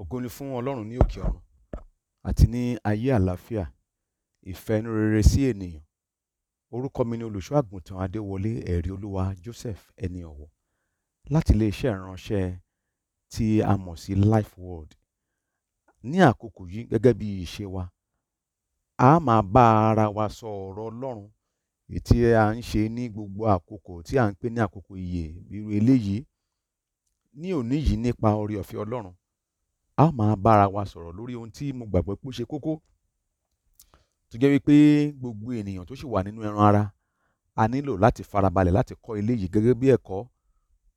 ògo ni fún ọlọ́run ní òkè ọ̀run àti ní ayé àlàáfíà ìfẹ́ rere sí ènìyàn orúkọ mi ni olùṣọ́ àgùntàn adéwọlé ẹ̀rí olúwa joseph ẹni ọ̀wọ̀ láti iléeṣẹ́ ìránṣẹ́ tí a mọ̀ sí life world ní àkókò yìí gẹ́gẹ́ bí ìṣe wa a máa bá ara wa sọ ọ̀rọ̀ ọlọ́run tí a ń ṣe ní gbogbo àkókò tí a ń pè ní àkókò ìyè irú eléyìí ní òní yìí nípa oore ọ̀fẹ́ ọlọ́run a ó máa bára wa sọ̀rọ̀ lórí ohun tí mo gbàgbọ́ pé ó ṣe kókó tó jẹ́ wípé gbogbo ènìyàn tó sì wà nínú ẹran ara a nílò láti farabalẹ̀ láti kọ́ eléyìí gẹ́gẹ́ bí ẹ̀kọ́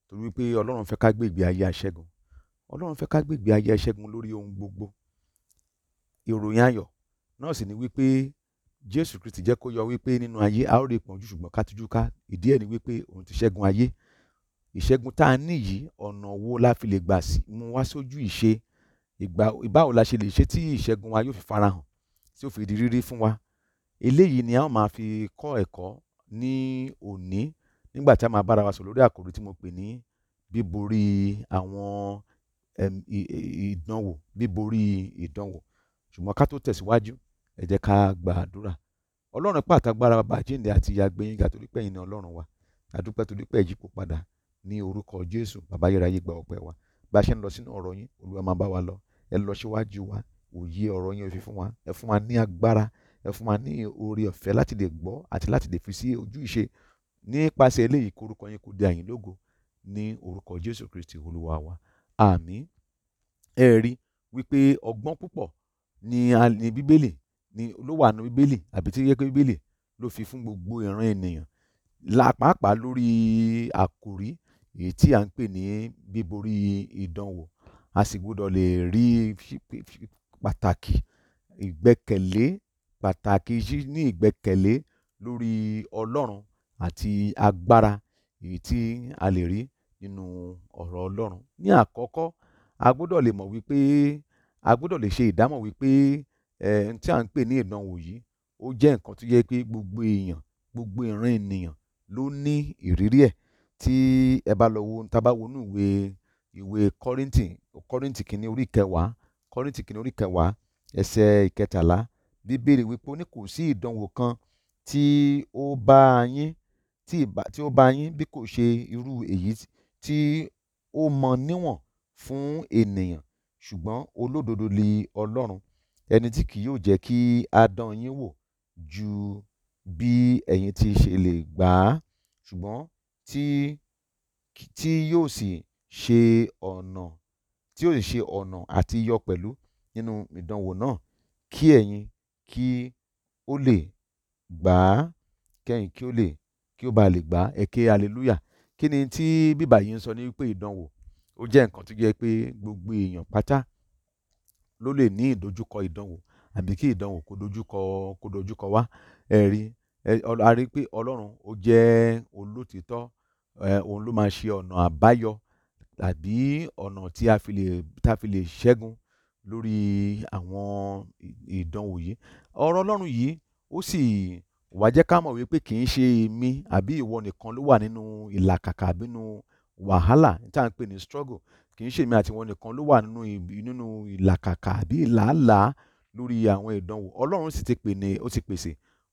torí wípé ọlọ́run fẹ́ ká gbé ayé aṣẹ́gun ọlọ́run fẹ́ ká gbé ayé aṣẹ́gun lórí ohun gbogbo ìròyìn ayọ̀ náà sì ni wípé jésù kristi jẹ́ kó yọ wípé nínú ayé a ó rí ìpọ́njú ṣùgbọ́n ká tújú ká ìdí ẹ̀ ni wípé òun ti ṣẹ́gun ayé ìṣẹ́gun tá a ní yìí ọ̀nà wo la fi lè gbà mú wá sójú ìṣe ìgbà báwo la ṣe lè ṣe tí ìṣẹ́gun wa yóò fi farahàn tí ó fi di rírí fún wa eléyìí ni a máa fi kọ́ ẹ̀kọ́ ní òní nígbà tí a máa bára wa sọ lórí àkòrí tí mo pè ní bíborí àwọn ìdánwò bíborí ìdánwò ṣùgbọ́n ká tó tẹ̀síwájú ẹ jẹ́ ká gba ọlọ́run pàtàgbára bàbá àti ìyàgbẹ́yìn gà torí pẹ́yìn ní ọlọ́run wa àdúpẹ́ torí pé ìyípo padà ní orúkọ jésù bàbá yẹra yé gba ọpẹ́ wa bá a ṣe ń lọ sínú ọ̀rọ̀ yín olúwa máa bá wa lọ ẹ lọ síwájú wa òye ọ̀rọ̀ yẹn fi fún wa ẹ fún wa ní agbára ẹ fún wa ní oore ọ̀fẹ́ láti lè gbọ́ àti láti lè fi sí ojú ìṣe nípasẹ̀ eléyìí korúkọ yẹn kò dé àyìn lógo ní orúkọ Jésù Kristi olúwa wa àmín ẹ rí wípé ọgbọ́n púpọ̀ ni a bíbélì ni ló wà ní bíbélì àbí tí yẹ pé bíbélì ló fi fún gbogbo ìran ènìyàn lápapàá lórí àkòrí èyí tí à ń pè ní bíborí ìdánwò a sì gbọ́dọ̀ lè rí pàtàkì ìgbẹ́kẹ̀lé pàtàkì níní ìgbẹ́kẹ̀lé lórí Ọlọ́run àti agbára èyí tí a lè rí nínú ọ̀rọ̀ Ọlọ́run. Ní àkọ́kọ́ a gbọ́dọ̀ lè mọ̀ wípé a gbọ́dọ̀ lè ṣe ìdámọ̀ wípé um ohun tí à ń pè ní ìdánwò yìí ó jẹ́ nǹkan tó jẹ́ pé gbogbo èèyàn gbogbo ìran ènìyàn ló ní ìrírí ẹ̀ tí ẹ bá lọ wo tá bá wo inú ìwé ìwé Kọ́ríńtì kọ́rìntì kìíní orí kẹwàá kọ́rìntì kìíní orí kẹwàá ẹsẹ̀ ìkẹtàlá bíbélì wípé ó ní kò sí ìdánwò kan tí ó bá yín tí ó bá yín bí kò ṣe irú èyí tí ó mọ níwọ̀n fún ènìyàn ṣùgbọ́n olódodo li ọlọ́run ẹni tí kì yóò jẹ́ kí a yín wò ju bí ẹ̀yin ti ṣe lè gbà á ṣùgbọ́n tí yóò sì ṣe ọ̀nà tí ó sì ṣe ọ̀nà àti yọ pẹ̀lú nínú ìdánwò náà kí ẹ̀yin kí ó lè gbà á kẹ́yìn kí ó lè kí ó bá lè gbà á ẹ hallelujah kí ni tí bíbà yìí ń sọ ní wípé ìdánwò ó jẹ́ nǹkan tó jẹ́ pé gbogbo èèyàn pátá ló lè ní ìdojúkọ ìdánwò àbí kí ìdánwò kó dojúkọ kó dojúkọ wá ẹ rí a rí pé ọlọ́run ó jẹ́ olótìítọ́ òun ló máa ṣe ọ̀nà àbáyọ tàbí ọ̀nà tí a fi lè tá a fi lè ṣẹ́gun lórí àwọn ìdánwò yìí ọ̀rọ̀ ọlọ́run yìí ó sì wá jẹ́ ká mọ̀ wípé kì í ṣe mi àbí ìwọ nìkan ló wà nínú ìlàkàkà àbínú wàhálà tí à ń pè ní struggle kì í ṣe mi àti ìwọ nìkan ló wà nínú ìlàkàkà àbí ìlàálàá lórí àwọn ìdánwò ọlọ́run sì ti pè ní ó ti pèsè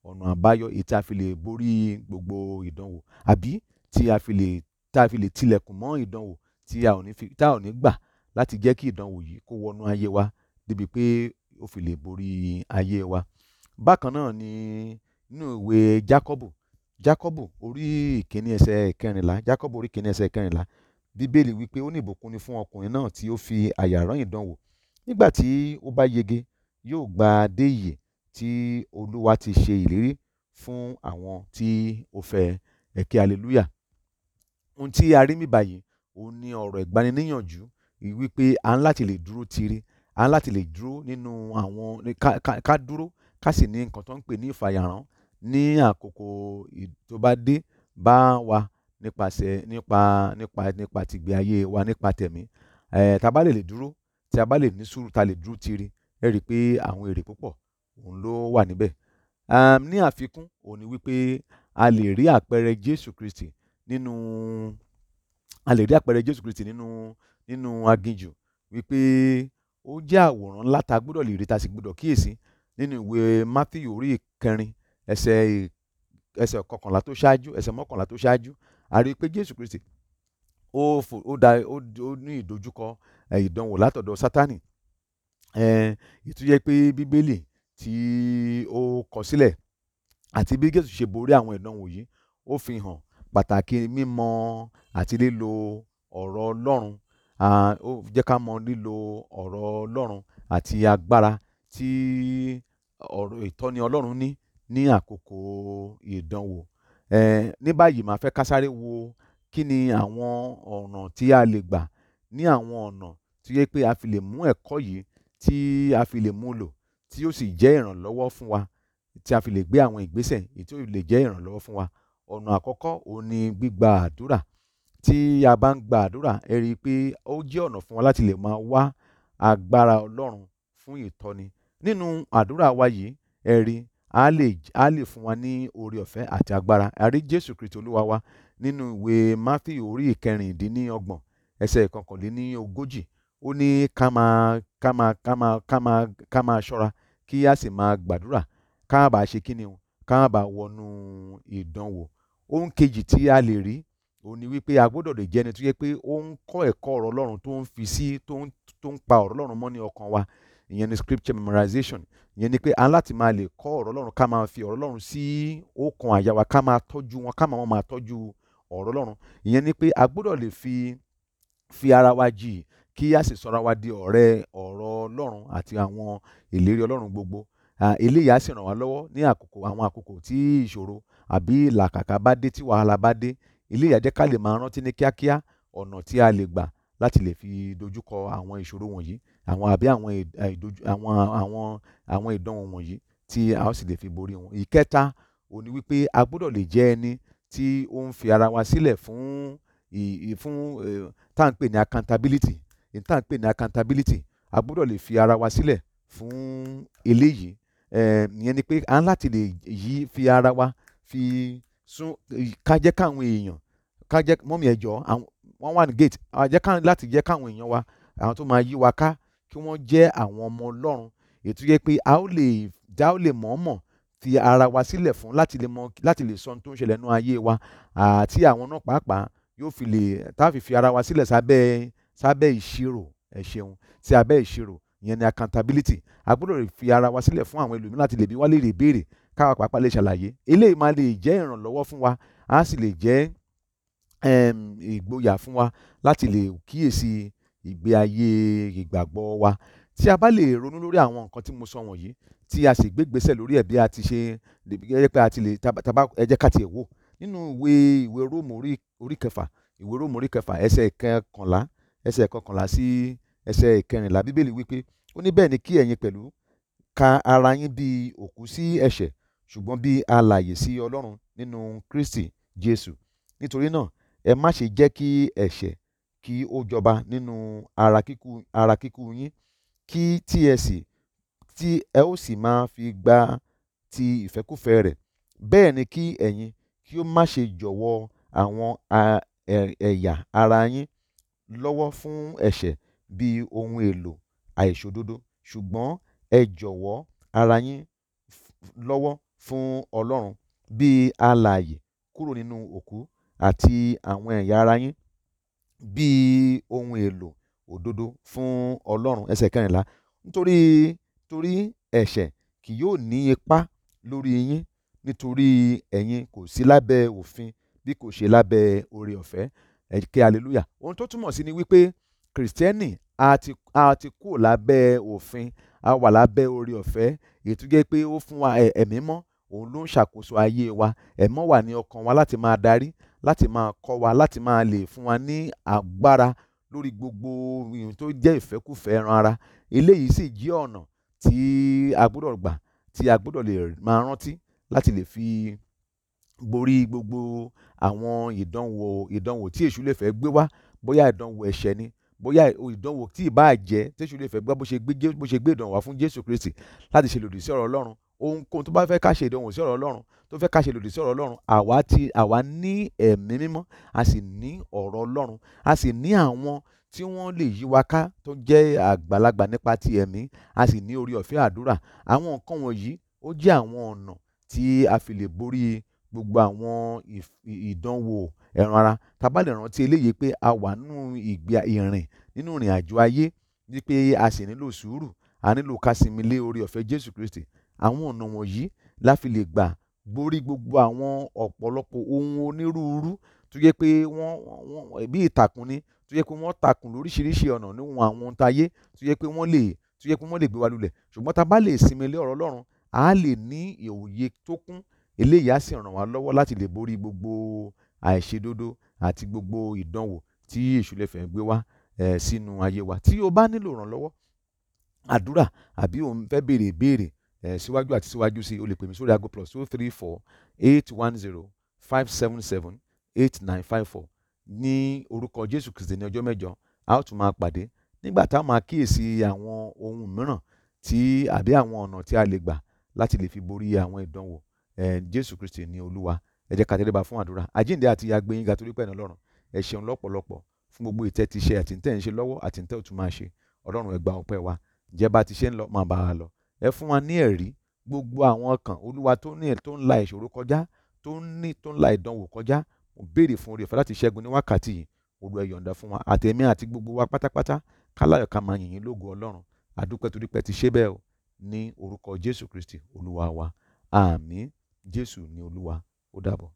ọ̀nà àbáyọ èyí tí a fi lè borí gbogbo ìdánwò àbí tí a fi lè tí a fi lè tilẹ̀kùn mọ́ ìdánwò tí a ò ní fi tá ò ní gbà láti jẹ́ kí ìdánwò yìí kó wọnú ayé wa débi pé ó fi lè borí ayé wa bákan náà ni nínú ìwé Jákọ́bù Jákọ́bù orí ìkíní ẹsẹ̀ kẹrìnlá Jákọ́bù orí ìkíní ẹsẹ̀ kẹrìnlá Bíbélì wípé ó ní ìbùkún ni fún ọkùnrin náà tí ó fi àyà ìdánwò nígbà tí ó bá yege yóò gba adé tí Olúwa ti ṣe ìlérí fún àwọn tí ó fẹ́ ẹ̀kẹ́ hallelujah ohun tí a rí mi báyìí òun ni ọ̀rọ̀ ìgbaniníyànjú wípé a ń láti lè dúró tiri a ń láti lè dúró nínú àwọn ká dúró ká sì ní nǹkan tó ń pè ní ìfàyàrán ní àkókò tó bá dé bá wa nípasẹ̀ nípa nípa nípa tìgbé ayé wa nípa tẹ̀mí ẹ̀ tá a bá lè lè dúró tí a bá lè ní sùúrù tá a lè dúró tiri ẹ rí i pé àwọn èrè púpọ̀ òun ló wà níbẹ̀ ní àfikún òun ni wípé a lè rí àpẹẹrẹ Jésù Kristi nínú a lè rí àpẹẹrẹ Jésù Kristi nínú nínú aginjù wípé ó jẹ́ àwòrán ńlá tá a gbọ́dọ̀ lè rí tá a sì gbọ́dọ̀ kíyèsí nínú ìwé Mátíù orí ìkẹrin ẹsẹ̀ ẹsẹ̀ kọkànlá tó ṣáájú ẹsẹ̀ mọ́kànlá tó ṣáájú a rí i pé Jésù Kristi ó fò ó da ó ní ìdojúkọ ìdánwò látọ̀dọ̀ Sátánì ìtúyẹ́ pé Bíbélì tí ó kọ sílẹ̀ àti bí Jésù ṣe borí àwọn ìdánwò yìí ó fi hàn pàtàkì mímọ àti lílo ọ̀rọ̀ ọlọ́run ó jẹ́ ká mọ lílo ọ̀rọ̀ ọlọ́run àti agbára tí ọ̀rọ̀ ìtọ́ni ọlọ́run ní ní àkókò ìdánwò um ní báyìí màá fẹ́ ká wo kí ni àwọn ọ̀nà tí a lè gbà ní àwọn ọ̀nà tó yẹ pé a fi lè mú ẹ̀kọ́ yìí tí a fi lè mú lò tí yóò sì jẹ́ ìrànlọ́wọ́ fún wa tí a fi lè gbé àwọn ìgbésẹ̀ tí yóò lè jẹ́ ìrànlọ́wọ́ fún wa ọ̀nà àkọ́kọ́ òun ni gbígba àdúrà tí a bá ń gba àdúrà ẹ rí i pé ó jẹ́ ọ̀nà fún wa láti lè máa wá agbára ọlọ́run fún ìtọ́ni nínú àdúrà wa yìí ẹ rí a lè a lè fún wa ní oore ọ̀fẹ́ àti agbára a rí jésù kristo olúwa wa nínú ìwé matthew orí ìkẹrìndínlọ́gbọ̀n ẹsẹ̀ ìkọkànléníogójì ó ní ká máa ká máa ká máa ká máa ká máa ṣọ́ra kí a sì máa gbàdúrà ká ṣe kíni o ká wọnú ìdánwò ohun kejì tí a lè rí òun ni wípé a gbọ́dọ̀ lè jẹ́ni tó yẹ pé ó ń kọ́ ẹ̀kọ́ ọ̀rọ̀ ọlọ́run tó ń fi sí tó ń pa ọ̀rọ̀ ọlọ́run mọ́ ní ọkàn wa ìyẹn ni scripture memorization ìyẹn ni pé a láti máa lè kọ́ ọ̀rọ̀ ọlọ́run ká máa fi ọ̀rọ̀ ọlọ́run sí ọkàn àyà wa ká máa tọ́jú wọn ká máa wọn máa tọ́jú ọ̀rọ̀ ọlọ́run ìyẹn ni pé a gbọ́dọ̀ lè fi fi ara wa jì kí a sì sọra wa di ọ̀rẹ́ ọ̀rọ̀ ọlọ́run àti àwọn ìlérí ọlọ́run gbogbo eléyìí á sì ràn wá lọ́wọ́ ní àkókò àwọn àkókò tí ìṣòro àbí làkàkà bá dé tí wàhálà bá dé eléyìí á jẹ́ ká lè máa rántí ní kíákíá ọ̀nà tí a lè gbà láti lè fi dojúkọ àwọn ìṣòro wọ̀nyí àwọn àbí àwọn ìdojú àwọn àwọn àwọn ìdánwò wọ̀nyí tí a ó sì lè fi borí wọn. ìkẹta òun ni wípé a gbọ́dọ̀ lè jẹ́ ẹni tí ó ń fi ara wa sílẹ̀ fún fún tá ní accountability tá à ń ní accountability a gbọ́dọ̀ lè fi ara wa sílẹ̀ fún eléyìí ìyẹn ni pé a ń láti lè yí fi ara wa fi sún ká jẹ́ káwọn èèyàn ká jẹ́ mọ́mí ẹ̀jọ́ one wà gate jẹ́ ká láti jẹ́ káwọn èèyàn wa àwọn tó máa yí wa ká kí wọ́n jẹ́ àwọn ọmọ ọlọ́run ètò yẹ pé a ó lè dá ó lè mọ̀ọ́mọ̀ ti ara wa sílẹ̀ fún láti lè mọ láti lè sọ ohun tó ń ṣẹlẹ̀ nú ayé wa àti àwọn náà pàápàá yóò fi lè táàfì fi ara wa sílẹ̀ sábẹ́ sábẹ́ ìṣirò ẹ ṣeun sí abẹ́ ìṣirò ìyẹn ni accountability a gbọ́dọ̀ fi ara wa sílẹ̀ fún àwọn ẹlòmíràn láti lè bi wá rè béèrè káwa pàápàá lè ṣàlàyé eléyìí máa lè jẹ́ ìrànlọ́wọ́ fún wa á sì lè jẹ́ ìgboyà fún wa láti lè kíyèsí ìgbé ayé ìgbàgbọ́ wa tí a bá lè ronú lórí àwọn nǹkan tí mo sọ wọ̀nyí tí a sì gbégbèsè lórí ẹ̀ bí a ti ṣe ẹ pé a ti lè taba ẹ jẹ́ ká tiẹ̀ wò nínú ìwé ìwé róòmù orí kẹfà ìwé róòmù orí kẹfà ẹsẹ̀ kọkànlá ẹsẹ̀ kọkànlá sí ẹsẹ̀ kẹrìnlá bíbélì wípé ó ní bẹ́ẹ̀ ni kí ẹ̀yin pẹ̀lú ka ara yín bí òkú sí ẹ̀ṣẹ̀ ṣùgbọ́n bí alààyè sí ọlọ́run nínú kristi jésù nítorí náà ẹ má ṣe jẹ́ kí ẹ̀ṣẹ̀ kí ó jọba nínú ara kíkú ara yín kí tí ẹ sì tí ẹ ó sì máa fi gba ti ìfẹ́kúfẹ̀ẹ́ rẹ̀ bẹ́ẹ̀ ni kí ẹ̀yin kí ó má ṣe jọ̀wọ́ àwọn ẹ̀yà ara yín lọ́wọ́ fún ẹ̀ṣẹ̀ bí ohun èlò àìṣòdodo ṣùgbọ́n ẹ jọ̀wọ́ ara yín lọ́wọ́ fún ọlọ́run bíi alààyè kúrò nínú òkú àti àwọn ẹ̀yà ara yín bíi ohun èlò òdodo fún ọlọ́run ẹsẹ̀ kẹrìnlá nítorí torí ẹ̀ṣẹ̀ kì yóò ní ipa lórí yín nítorí ẹ̀yin kò sí lábẹ́ òfin bí kò ṣe lábẹ́ oore ọ̀fẹ́ ẹ̀kẹ́ hallelujah ohun tó túmọ̀ sí ni wípé kìrìsìtẹ́nì a ti kúrò lábẹ́ òfin a wà lábẹ́ oore ọ̀fẹ́ ètò jẹ́ pé ó fún wa ẹ̀mí mọ́ òun ló ń ṣàkóso ayé wa ẹ̀mọ́ wà ní ọkàn wa láti máa darí láti máa kọ́ wa láti máa lè fún wa ní agbára lórí gbogbo ohun tó jẹ́ ìfẹ́kùfẹ́ ẹran ara eléyìí sì jẹ́ ọ̀nà tí a gbọ́dọ̀ gbà tí a gbọ́dọ̀ lè máa rántí láti lè fi borí gbogbo àwọn ìdánwò ìdánwò tí èṣù lè fẹ́ gbé wá bóyá ìdánwò ẹ̀ṣẹ̀ ni bóyá ìdánwò tí ì bá jẹ́ tẹ́sù lè fẹ́ gbá bó ṣe gbé ìdánwò wá fún jésù kristi láti ṣe lòdì sí ọ̀rọ̀ ọlọ́run ohunkóhun tó bá fẹ́ ká ṣe ìdánwò sí ọ̀rọ̀ ọlọ́run tó fẹ́ ká ṣe lòdì sí ọ̀rọ̀ ọlọ́run àwa ti àwa ní ẹ̀mí mímọ́ a sì ní ọ̀rọ̀ ọlọ́run a sì ní àwọn tí wọ́n lè yí wa ká tó jẹ́ àgbàlagbà nípa ti ẹ̀mí a sì ní orí ọ̀fẹ́ àdúrà àwọn nǹkan wọ̀nyí ó jẹ́ àwọn ọ̀nà tí a fi lè borí gbogbo àwọn ìdánwò ẹran ara tá a bá lè rántí eléyìí pé a wà nínú ìgbé ìrìn nínú ìrìn àjò ayé wípé a sì nílò sùúrù a nílò ká sinmi lé oore ọ̀fẹ́ Jésù Kristi àwọn ọ̀nà wọ̀nyí la fi lè gbà borí gbogbo àwọn ọ̀pọ̀lọpọ̀ ohun onírúurú tó yẹ pé wọ́n bí ìtàkùn ni tó yẹ pé wọ́n takùn lóríṣiríṣi ọ̀nà níwọ̀n àwọn táyé tó yẹ pé wọ́n lè tó yẹ pé wọ́n lè gbé wa lulẹ̀ ṣùgbọ́n tá a bá lè sinmi lé ọ̀rọ̀ Ọlọ́run a lè ní òye tó kún eléyìí á sì ràn wá lọ́wọ́ láti lè borí gbogbo àìṣedódó àti gbogbo ìdánwò tí èṣù lè fẹ́ gbé wá sínú ayé wa tí o bá nílò ìrànlọ́wọ́ àdúrà àbí o fẹ́ béèrè ìbéèrè síwájú àti síwájú sí o lè pè mí sórí aago plus two three four eight one zero five seven seven eight nine five four ní orúkọ Jésù Kristi ní ọjọ́ mẹ́jọ a ó tún máa pàdé nígbà tá a máa kíyèsí àwọn ohun mìíràn tí àbí àwọn ọ̀nà tí a lè gbà láti lè fi borí àwọn ìdánwò jésù kristi ní olúwa ẹ jẹ́ ká tẹríba fún àdúrà àjíǹde àti agbẹ́yìn ga torí pẹ̀lú ọlọ́run ẹ ṣeun lọ́pọ̀lọpọ̀ fún gbogbo ìtẹ́ ti ṣe àti ntẹ́ ń ṣe lọ́wọ́ àti ntẹ́ ò tún máa ṣe ọlọ́run ẹ gba ọpẹ́ wa ǹjẹ́ bá ti ṣe ń lọ máa bá a lọ ẹ fún wa ní ẹ̀rí gbogbo àwọn kan olúwa tó ní tó ń la ìṣòro kọjá tó ń ní tó ń la ìdánwò kọjá mo béèrè fún oore ọ̀fẹ́ láti ṣẹ́gun ní wákàtí yìí olúwa yọ̀ǹda fún wa àtẹ̀mí àti gbogbo wa pátápátá káláyọ̀ ká máa yìnyín lógo ọlọ́run àdúpẹ́ torípẹ́ ti ṣe bẹ́ẹ̀ ní orúkọ jésù kristi olúwa wa àmín jésù ni olúwa ó dàbọ̀.